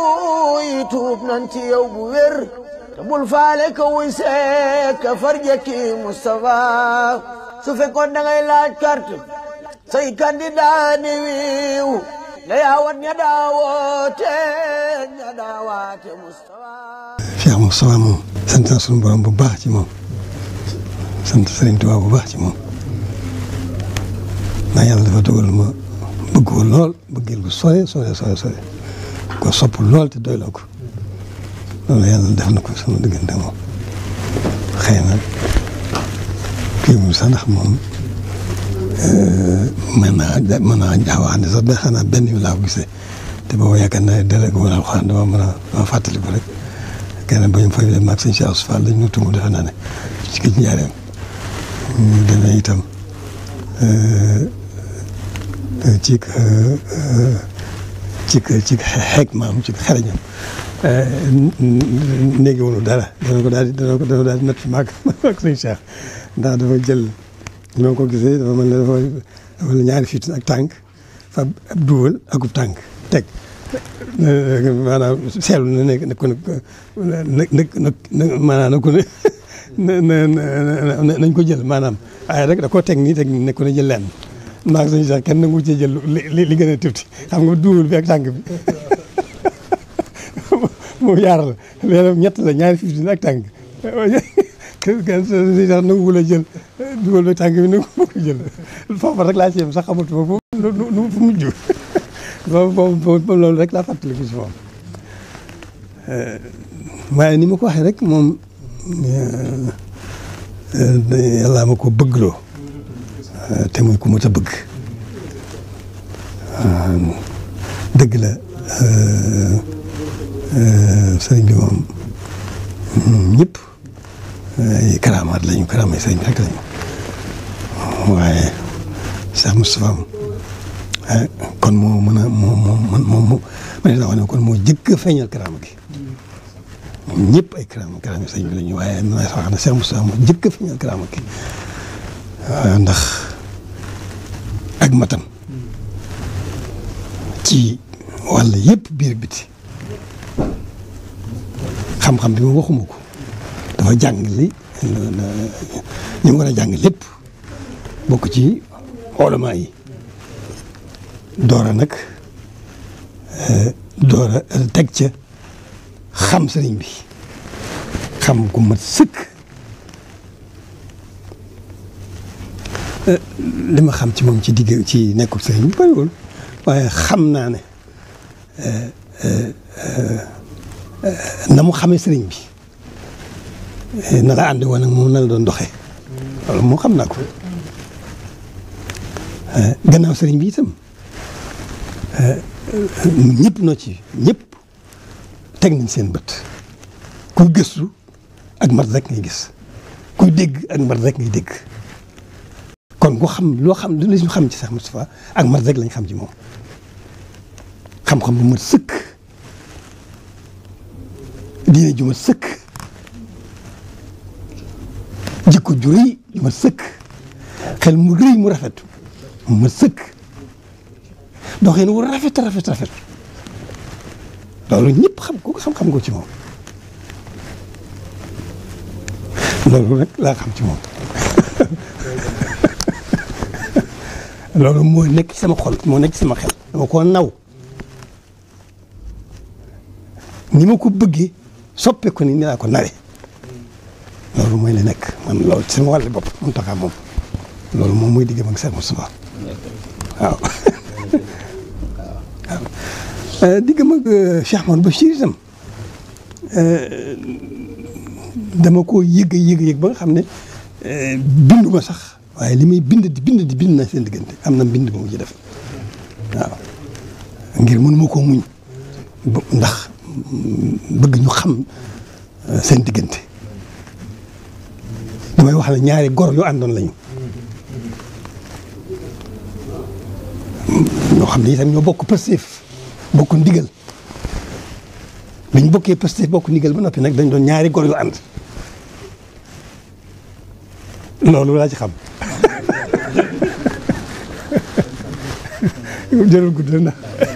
wuy tuub nan ci yow bu wér te bul faale ka wuy seet ka farje ki Moustapha su fekkoon da ngay laaj carte say candidat ni wiiw nga yaawat ña daawoote ña daawaate Moustapha Cheikh Moustapha moom sant na sunu borom bu baax ci moom sant Sëriñ Tuubaa bu baax ci moom ndax yàlla dafa dogal ma bëgg ko lool bëggeel ko sore sore sore sore ko sopp lool te doyloo ko loolu yàlla def na ko sama diggante moom xëy na kii moom sax ndax moom mën naa mën naa jaawaane sax ba xanaa benn yu laa ko gisee te boobu yaakaar naa délégué woon alxuraan dama mën a ma fàttali ko rek kenn ba ñu fay dem ak sëñ Cheikh Fall dañ ñu tungu defe naa ne ci kii njaareem ñu demee itam ci ci ci xeeg maam ci xarañam eh, néegi woonu dara dana ko daal di dana ko dana daal di natt maag ak suñu Cheikh ndax dafa jël li ko gisee dafa mel ne dafa dafa ñaari fitin ak tànk fa ab duwal akub tànk teg eh, maanaam seetlu na nekk na ko na na maanaam na ko na na nañ ko jël maanaam waaye rek da koo teg nii teg ne ko ne jël lenn maa ngi suñu kenn nangu cee jël li li gën a tuuti xam nga duumul bi ak tànk bi moom yaar la léeg ñett la ñaari fifteen ak tànk kenn suñu sax nangu wula jël duumul bi tànk bi nangu ma jël foofa rek laa ci sax xamatu ma foofu nu fu mujj loolu loolu rek laa fàttaliku si eh, moom waaye ni ma ko waxee rek moom eh, eh, yàlla ma ko bëggloo te muy ku mot a bëgg dëgg la sëriñ bi moom ñëpp ay karaamaat lañu karaama sëriñ bi rek lañu waaye Cheikh Moustapha kon moo mën a moo moo moo moo man daa wax ne kon moo jëkk a feeñal karaama gi ñëpp ay karaama karaama sëriñ bi lañu waaye man daa wax ne Cheikh Moustapha moo jëkk a feeñal karaama gi ndax. ak matan ci wàll yépp biir biti xam-xam bi moom waxuma ko dafa jàng li ñu a jàng lépp bokk ci xoolamaa yi doora nag doora teg ca xam sëriñ bi xam ku mat Euh, li ma xam ci moom ci digg ci nekkul sëriñ bi bëriwul waaye xam naa ne euh, euh, na mu xamee sëriñ bi na la ànd woon moom na la doon doxe loolu xam naa ko gannaaw sëriñ bi itam ñëpp noo ci ñëpp teg nañ seen bët kuy gëstu ak mbar rek ngay gis kuy dégg ak mbar rek ngay dégg كون وخم لوخم لازم خم جي سيخ مصطفى اك مرزق لن خم جي موم خم خم بمر سك دين جي مر سك جيكو جوري جي مر سك خل مغري مرفت مر سك دوخين ورفت رفت رفت لولو نيب خم كو خم خم جي موم لولو لا خم جي موم loolu moo nekk sama xol moo nekk sama xel dama koo naw ni ma ko bëggee soppe ko ni ni laa ko nawe loolu mooy la nekk man loolu ci sama wàllu bopp mun taxaa moom loolu mooy diggam ak Cheikh Moustapha waaw waaw euh, diggam ak euh, Cheikh Ahmadou Bachir itam euh, dama ko yëg yëg yëg ba nga xam ne bindu ma sax waaye li may bind di bind di bind na seen diggante am na bind boobu ci def waaw ngir mënu ma koo muñ ndax bëgg ñu xam euh, seen diggante damay wax ne ñaari gor yu àndoon lañu ñoo xam ne itam ñoo bokk Pastef bokk ndigal bi ñu bokk ndigal ba noppi nag dañ doon ñaari gor yu ànd loolu laa xam jërëjëf guddal na.